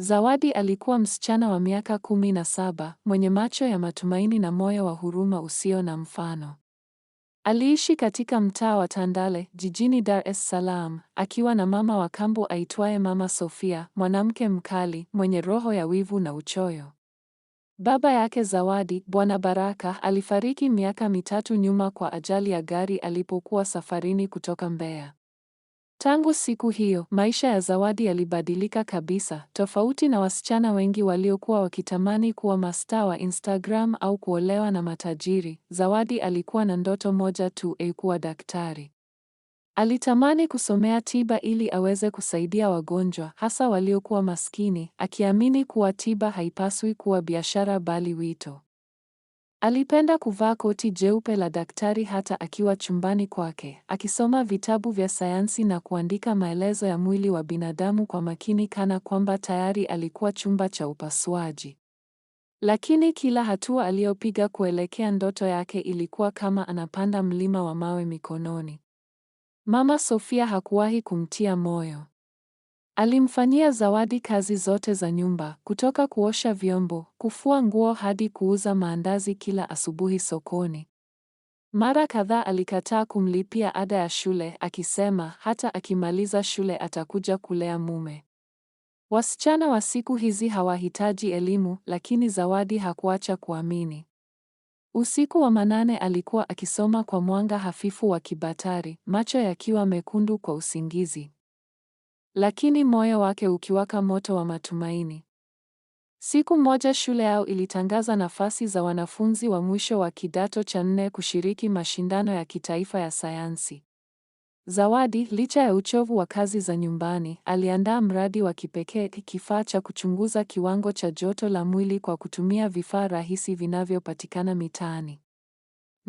Zawadi alikuwa msichana wa miaka kumi na saba mwenye macho ya matumaini na moyo wa huruma usio na mfano. Aliishi katika mtaa wa Tandale jijini Dar es Salaam, akiwa na mama wa kambo aitwaye Mama Sofia, mwanamke mkali mwenye roho ya wivu na uchoyo. Baba yake Zawadi, Bwana Baraka, alifariki miaka mitatu nyuma kwa ajali ya gari alipokuwa safarini kutoka Mbeya. Tangu siku hiyo, maisha ya Zawadi yalibadilika kabisa, tofauti na wasichana wengi waliokuwa wakitamani kuwa mastaa wa Instagram au kuolewa na matajiri. Zawadi alikuwa na ndoto moja tu, e, kuwa daktari. Alitamani kusomea tiba ili aweze kusaidia wagonjwa, hasa waliokuwa maskini, akiamini kuwa tiba haipaswi kuwa biashara bali wito. Alipenda kuvaa koti jeupe la daktari hata akiwa chumbani kwake, akisoma vitabu vya sayansi na kuandika maelezo ya mwili wa binadamu kwa makini kana kwamba tayari alikuwa chumba cha upasuaji. Lakini kila hatua aliyopiga kuelekea ndoto yake ilikuwa kama anapanda mlima wa mawe mikononi. Mama Sofia hakuwahi kumtia moyo. Alimfanyia Zawadi kazi zote za nyumba, kutoka kuosha vyombo, kufua nguo hadi kuuza maandazi kila asubuhi sokoni. Mara kadhaa alikataa kumlipia ada ya shule, akisema hata akimaliza shule atakuja kulea mume. Wasichana wa siku hizi hawahitaji elimu, lakini Zawadi hakuacha kuamini. Usiku wa manane alikuwa akisoma kwa mwanga hafifu wa kibatari, macho yakiwa mekundu kwa usingizi lakini moyo wake ukiwaka moto wa matumaini. Siku moja shule yao ilitangaza nafasi za wanafunzi wa mwisho wa kidato cha nne kushiriki mashindano ya kitaifa ya sayansi. Zawadi, licha ya uchovu wa kazi za nyumbani, aliandaa mradi wa kipekee, kifaa cha kuchunguza kiwango cha joto la mwili kwa kutumia vifaa rahisi vinavyopatikana mitaani.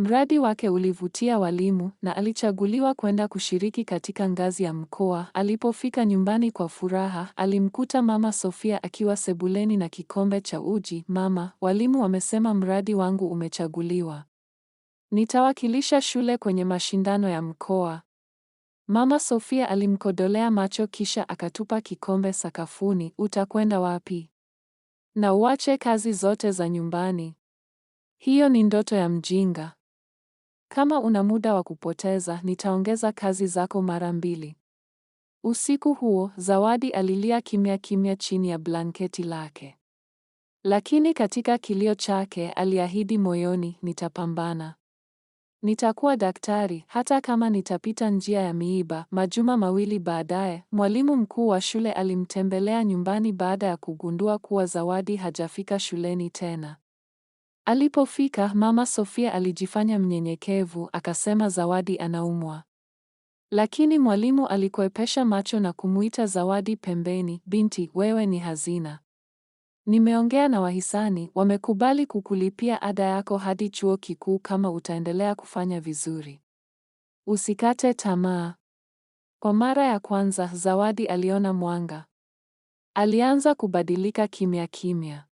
Mradi wake ulivutia walimu na alichaguliwa kwenda kushiriki katika ngazi ya mkoa. Alipofika nyumbani kwa furaha, alimkuta Mama Sofia akiwa sebuleni na kikombe cha uji. Mama, walimu wamesema mradi wangu umechaguliwa. Nitawakilisha shule kwenye mashindano ya mkoa. Mama Sofia alimkodolea macho kisha akatupa kikombe sakafuni. Utakwenda wapi? Na uache kazi zote za nyumbani. Hiyo ni ndoto ya mjinga. Kama una muda wa kupoteza, nitaongeza kazi zako mara mbili. Usiku huo, Zawadi alilia kimya kimya chini ya blanketi lake. Lakini katika kilio chake aliahidi moyoni, nitapambana. Nitakuwa daktari hata kama nitapita njia ya miiba. Majuma mawili baadaye, mwalimu mkuu wa shule alimtembelea nyumbani baada ya kugundua kuwa Zawadi hajafika shuleni tena. Alipofika, Mama Sofia alijifanya mnyenyekevu, akasema Zawadi anaumwa. Lakini mwalimu alikuepesha macho na kumuita Zawadi pembeni, binti, wewe ni hazina. Nimeongea na wahisani, wamekubali kukulipia ada yako hadi chuo kikuu kama utaendelea kufanya vizuri. Usikate tamaa. Kwa mara ya kwanza, Zawadi aliona mwanga. Alianza kubadilika kimya kimya.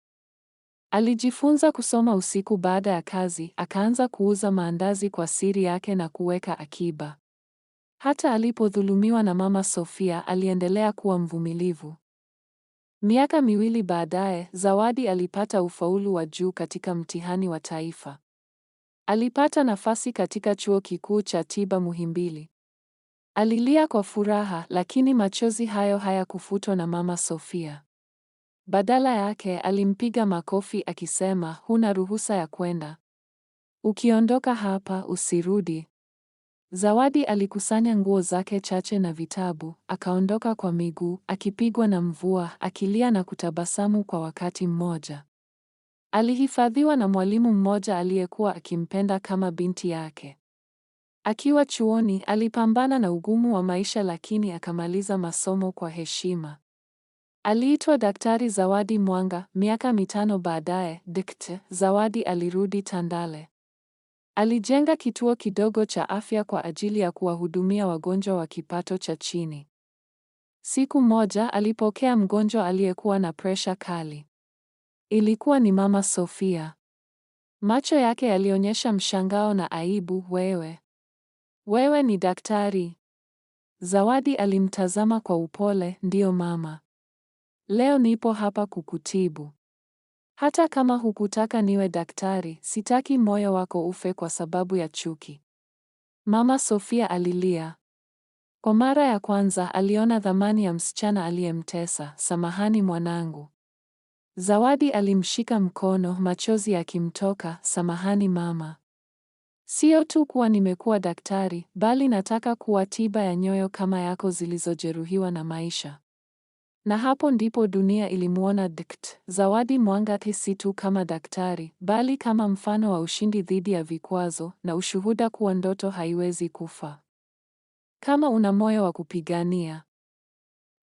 Alijifunza kusoma usiku baada ya kazi, akaanza kuuza maandazi kwa siri yake na kuweka akiba. Hata alipodhulumiwa na Mama Sofia, aliendelea kuwa mvumilivu. Miaka miwili baadaye, Zawadi alipata ufaulu wa juu katika mtihani wa taifa. Alipata nafasi katika Chuo Kikuu cha Tiba Muhimbili. Alilia kwa furaha, lakini machozi hayo hayakufutwa na Mama Sofia. Badala yake alimpiga makofi akisema, huna ruhusa ya kwenda. Ukiondoka hapa usirudi. Zawadi alikusanya nguo zake chache na vitabu, akaondoka kwa miguu, akipigwa na mvua, akilia na kutabasamu kwa wakati mmoja. Alihifadhiwa na mwalimu mmoja aliyekuwa akimpenda kama binti yake. Akiwa chuoni, alipambana na ugumu wa maisha lakini akamaliza masomo kwa heshima. Aliitwa Daktari Zawadi Mwanga miaka mitano baadaye. Dkt. Zawadi alirudi Tandale. Alijenga kituo kidogo cha afya kwa ajili ya kuwahudumia wagonjwa wa kipato cha chini. Siku moja alipokea mgonjwa aliyekuwa na presha kali. Ilikuwa ni Mama Sofia. Macho yake yalionyesha mshangao na aibu. Wewe, wewe ni daktari? Zawadi alimtazama kwa upole. Ndiyo mama. Leo nipo hapa kukutibu. Hata kama hukutaka niwe daktari, sitaki moyo wako ufe kwa sababu ya chuki. Mama Sofia alilia. Kwa mara ya kwanza aliona thamani ya msichana aliyemtesa. Samahani mwanangu. Zawadi alimshika mkono, machozi yakimtoka. Samahani mama. Sio tu kuwa nimekuwa daktari, bali nataka kuwa tiba ya nyoyo kama yako zilizojeruhiwa na maisha. Na hapo ndipo dunia ilimwona Dkt. Zawadi Mwangate si tu kama daktari, bali kama mfano wa ushindi dhidi ya vikwazo na ushuhuda kuwa ndoto haiwezi kufa kama una moyo wa kupigania.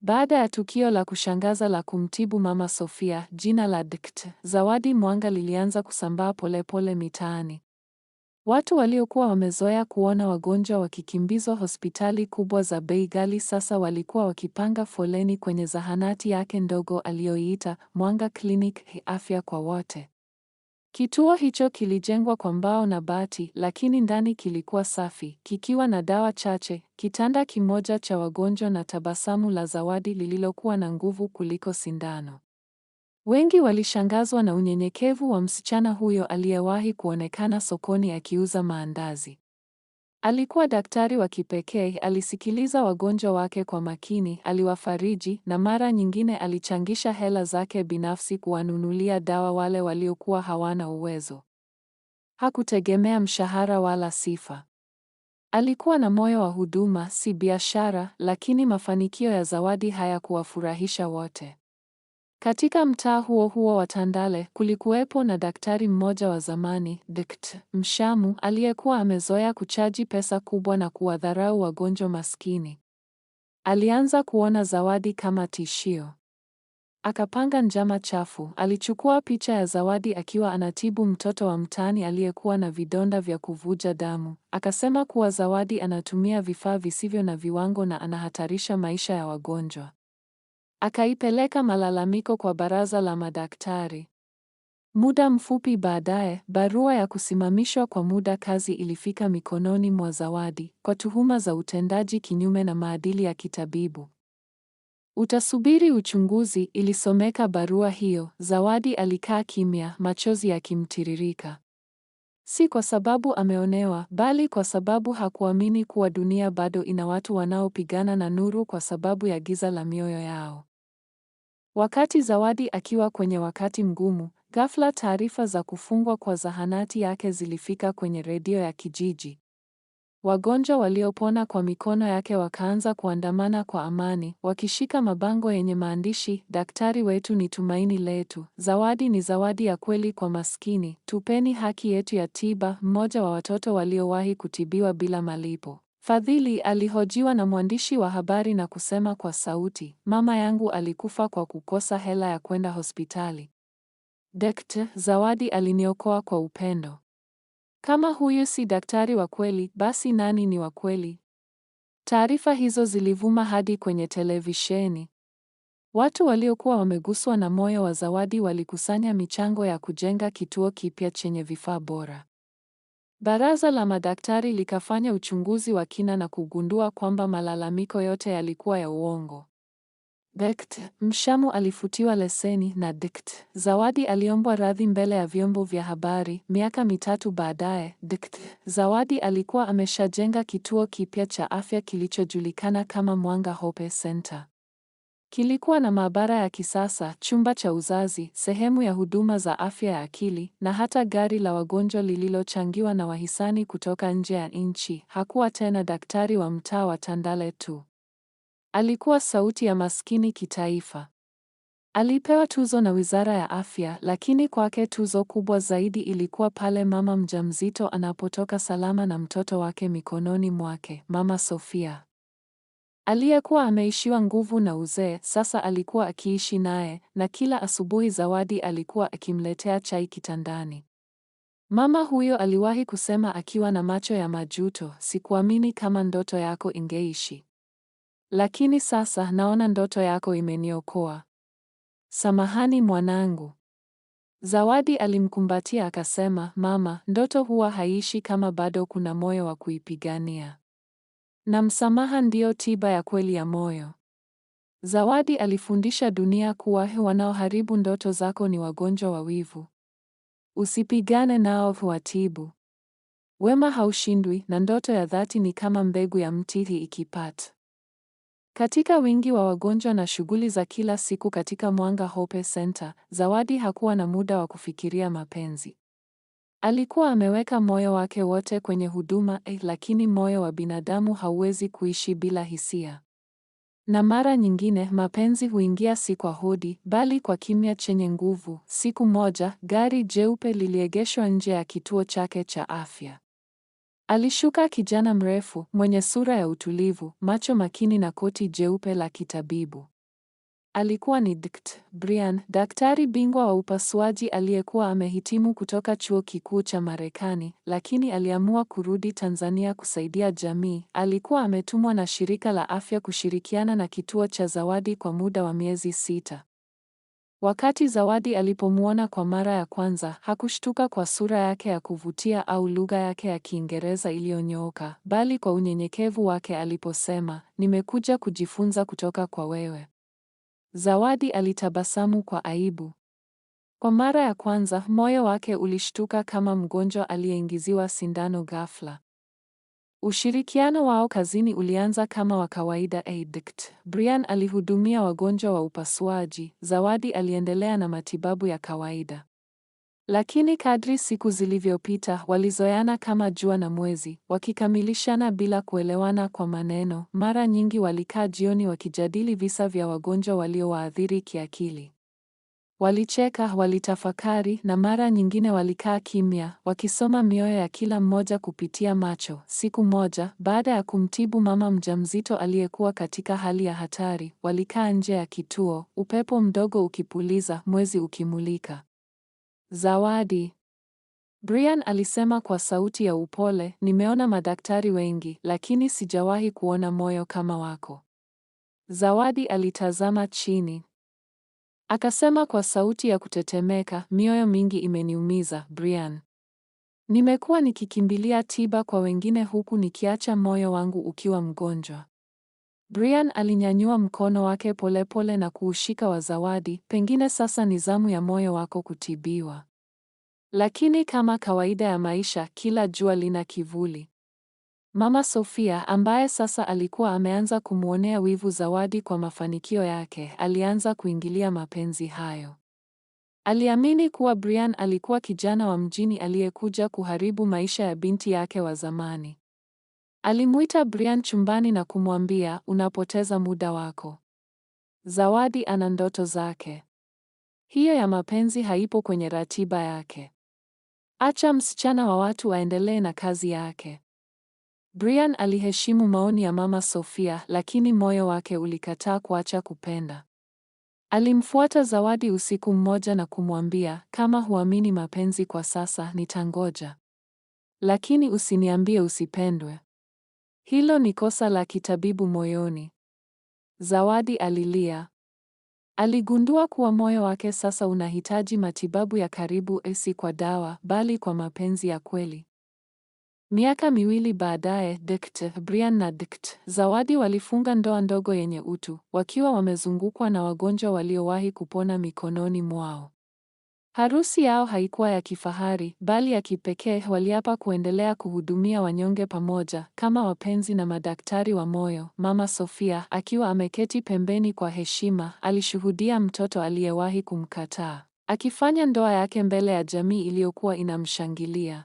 Baada ya tukio la kushangaza la kumtibu Mama Sofia, jina la Dkt. Zawadi Mwanga lilianza kusambaa polepole mitaani. Watu waliokuwa wamezoea kuona wagonjwa wakikimbizwa hospitali kubwa za bei ghali sasa walikuwa wakipanga foleni kwenye zahanati yake ndogo aliyoiita Mwanga Clinic, afya kwa wote. Kituo hicho kilijengwa kwa mbao na bati, lakini ndani kilikuwa safi, kikiwa na dawa chache, kitanda kimoja cha wagonjwa na tabasamu la zawadi lililokuwa na nguvu kuliko sindano. Wengi walishangazwa na unyenyekevu wa msichana huyo aliyewahi kuonekana sokoni akiuza maandazi. Alikuwa daktari wa kipekee, alisikiliza wagonjwa wake kwa makini, aliwafariji na mara nyingine alichangisha hela zake binafsi kuwanunulia dawa wale waliokuwa hawana uwezo. Hakutegemea mshahara wala sifa. Alikuwa na moyo wa huduma, si biashara, lakini mafanikio ya Zawadi hayakuwafurahisha wote. Katika mtaa huo huo wa Tandale kulikuwepo na daktari mmoja wa zamani, Dkt. Mshamu, aliyekuwa amezoea kuchaji pesa kubwa na kuwadharau wagonjwa maskini. Alianza kuona Zawadi kama tishio. Akapanga njama chafu. Alichukua picha ya Zawadi akiwa anatibu mtoto wa mtaani aliyekuwa na vidonda vya kuvuja damu. Akasema kuwa Zawadi anatumia vifaa visivyo na viwango na anahatarisha maisha ya wagonjwa. Akaipeleka malalamiko kwa baraza la madaktari. Muda mfupi baadaye, barua ya kusimamishwa kwa muda kazi ilifika mikononi mwa Zawadi kwa tuhuma za utendaji kinyume na maadili ya kitabibu. Utasubiri uchunguzi, ilisomeka barua hiyo. Zawadi alikaa kimya, machozi yakimtiririka si kwa sababu ameonewa, bali kwa sababu hakuamini kuwa dunia bado ina watu wanaopigana na nuru kwa sababu ya giza la mioyo yao. Wakati Zawadi akiwa kwenye wakati mgumu, ghafla taarifa za kufungwa kwa zahanati yake zilifika kwenye redio ya kijiji. Wagonjwa waliopona kwa mikono yake wakaanza kuandamana kwa amani, wakishika mabango yenye maandishi, daktari wetu ni tumaini letu, zawadi ni zawadi ya kweli kwa maskini, tupeni haki yetu ya tiba. Mmoja wa watoto waliowahi kutibiwa bila malipo. Fadhili alihojiwa na mwandishi wa habari na kusema kwa sauti, mama yangu alikufa kwa kukosa hela ya kwenda hospitali. Dkt. Zawadi aliniokoa kwa upendo. Kama huyu si daktari wa kweli, basi nani ni wa kweli? Taarifa hizo zilivuma hadi kwenye televisheni. Watu waliokuwa wameguswa na moyo wa Zawadi walikusanya michango ya kujenga kituo kipya chenye vifaa bora. Baraza la madaktari likafanya uchunguzi wa kina na kugundua kwamba malalamiko yote yalikuwa ya uongo. Bekt Mshamu alifutiwa leseni na Dkt Zawadi aliombwa radhi mbele ya vyombo vya habari. Miaka mitatu baadaye, Dkt Zawadi alikuwa ameshajenga kituo kipya cha afya kilichojulikana kama Mwanga Hope Center. Kilikuwa na maabara ya kisasa, chumba cha uzazi, sehemu ya huduma za afya ya akili na hata gari la wagonjwa lililochangiwa na wahisani kutoka nje ya nchi. Hakuwa tena daktari wa mtaa wa Tandale tu. Alikuwa sauti ya maskini kitaifa. Alipewa tuzo na Wizara ya Afya, lakini kwake tuzo kubwa zaidi ilikuwa pale mama mjamzito anapotoka salama na mtoto wake mikononi mwake, Mama Sofia. Aliyekuwa ameishiwa nguvu na uzee, sasa alikuwa akiishi naye na kila asubuhi Zawadi alikuwa akimletea chai kitandani. Mama huyo aliwahi kusema akiwa na macho ya majuto, sikuamini kama ndoto yako ingeishi. Lakini sasa naona ndoto yako imeniokoa. Samahani mwanangu. Zawadi alimkumbatia akasema, mama, ndoto huwa haishi kama bado kuna moyo wa kuipigania. Na msamaha ndiyo tiba ya kweli ya moyo. Zawadi alifundisha dunia kuwa wanaoharibu ndoto zako ni wagonjwa wa wivu. Usipigane nao, watibu. Wema haushindwi, na ndoto ya dhati ni kama mbegu ya mti ikipata katika wingi wa wagonjwa na shughuli za kila siku katika Mwanga Hope Center, Zawadi hakuwa na muda wa kufikiria mapenzi. Alikuwa ameweka moyo wake wote kwenye huduma eh, lakini moyo wa binadamu hauwezi kuishi bila hisia. Na mara nyingine mapenzi huingia si kwa hodi, bali kwa kimya chenye nguvu. Siku moja, gari jeupe liliegeshwa nje ya kituo chake cha afya. Alishuka kijana mrefu mwenye sura ya utulivu, macho makini na koti jeupe la kitabibu. Alikuwa ni Dkt. Brian, daktari bingwa wa upasuaji aliyekuwa amehitimu kutoka chuo kikuu cha Marekani, lakini aliamua kurudi Tanzania kusaidia jamii. Alikuwa ametumwa na shirika la afya kushirikiana na kituo cha Zawadi kwa muda wa miezi sita. Wakati Zawadi alipomwona kwa mara ya kwanza, hakushtuka kwa sura yake ya kuvutia au lugha yake ya Kiingereza iliyonyooka, bali kwa unyenyekevu wake aliposema, nimekuja kujifunza kutoka kwa wewe. Zawadi alitabasamu kwa aibu. Kwa mara ya kwanza, moyo wake ulishtuka kama mgonjwa aliyeingiziwa sindano ghafla. Ushirikiano wao kazini ulianza kama wa kawaida addict. Brian alihudumia wagonjwa wa upasuaji, Zawadi aliendelea na matibabu ya kawaida. Lakini kadri siku zilivyopita, walizoeana kama jua na mwezi, wakikamilishana bila kuelewana kwa maneno. Mara nyingi walikaa jioni wakijadili visa vya wagonjwa waliowaathiri kiakili. Walicheka, walitafakari na mara nyingine walikaa kimya, wakisoma mioyo ya kila mmoja kupitia macho. Siku moja, baada ya kumtibu mama mjamzito aliyekuwa katika hali ya hatari, walikaa nje ya kituo, upepo mdogo ukipuliza, mwezi ukimulika. Zawadi, Brian alisema kwa sauti ya upole, nimeona madaktari wengi, lakini sijawahi kuona moyo kama wako. Zawadi alitazama chini. Akasema kwa sauti ya kutetemeka, mioyo mingi imeniumiza Brian. Nimekuwa nikikimbilia tiba kwa wengine huku nikiacha moyo wangu ukiwa mgonjwa. Brian alinyanyua mkono wake polepole pole na kuushika wa Zawadi, pengine sasa ni zamu ya moyo wako kutibiwa. Lakini kama kawaida ya maisha, kila jua lina kivuli. Mama Sofia ambaye sasa alikuwa ameanza kumwonea wivu Zawadi kwa mafanikio yake, alianza kuingilia mapenzi hayo. Aliamini kuwa Brian alikuwa kijana wa mjini aliyekuja kuharibu maisha ya binti yake wa zamani. Alimuita Brian chumbani na kumwambia, unapoteza muda wako. Zawadi ana ndoto zake. Hiyo ya mapenzi haipo kwenye ratiba yake. Acha msichana wa watu aendelee na kazi yake. Brian aliheshimu maoni ya Mama Sofia, lakini moyo wake ulikataa kuacha kupenda. Alimfuata Zawadi usiku mmoja na kumwambia, kama huamini mapenzi kwa sasa, nitangoja, lakini usiniambie usipendwe. Hilo ni kosa la kitabibu moyoni. Zawadi alilia. Aligundua kuwa moyo wake sasa unahitaji matibabu ya karibu, si kwa dawa, bali kwa mapenzi ya kweli. Miaka miwili baadaye, Dkt. Brian na Dkt. Zawadi walifunga ndoa ndogo yenye utu, wakiwa wamezungukwa na wagonjwa waliowahi kupona mikononi mwao. Harusi yao haikuwa ya kifahari, bali ya kipekee. Waliapa kuendelea kuhudumia wanyonge pamoja, kama wapenzi na madaktari wa moyo. Mama Sofia, akiwa ameketi pembeni kwa heshima, alishuhudia mtoto aliyewahi kumkataa, akifanya ndoa yake mbele ya jamii iliyokuwa inamshangilia.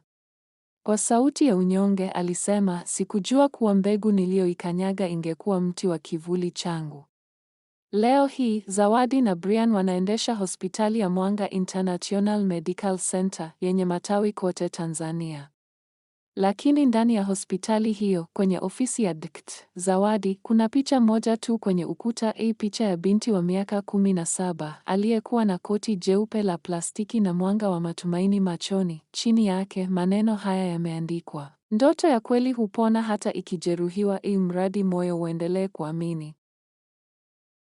Kwa sauti ya unyonge alisema, sikujua kuwa mbegu niliyoikanyaga ingekuwa mti wa kivuli changu. Leo hii Zawadi na Brian wanaendesha hospitali ya Mwanga International Medical Center yenye matawi kote Tanzania. Lakini ndani ya hospitali hiyo kwenye ofisi ya Dkt. Zawadi kuna picha moja tu kwenye ukuta, ii picha ya binti wa miaka kumi na saba aliyekuwa na koti jeupe la plastiki na mwanga wa matumaini machoni. Chini yake maneno haya yameandikwa: ndoto ya kweli hupona hata ikijeruhiwa, ii mradi moyo uendelee kuamini.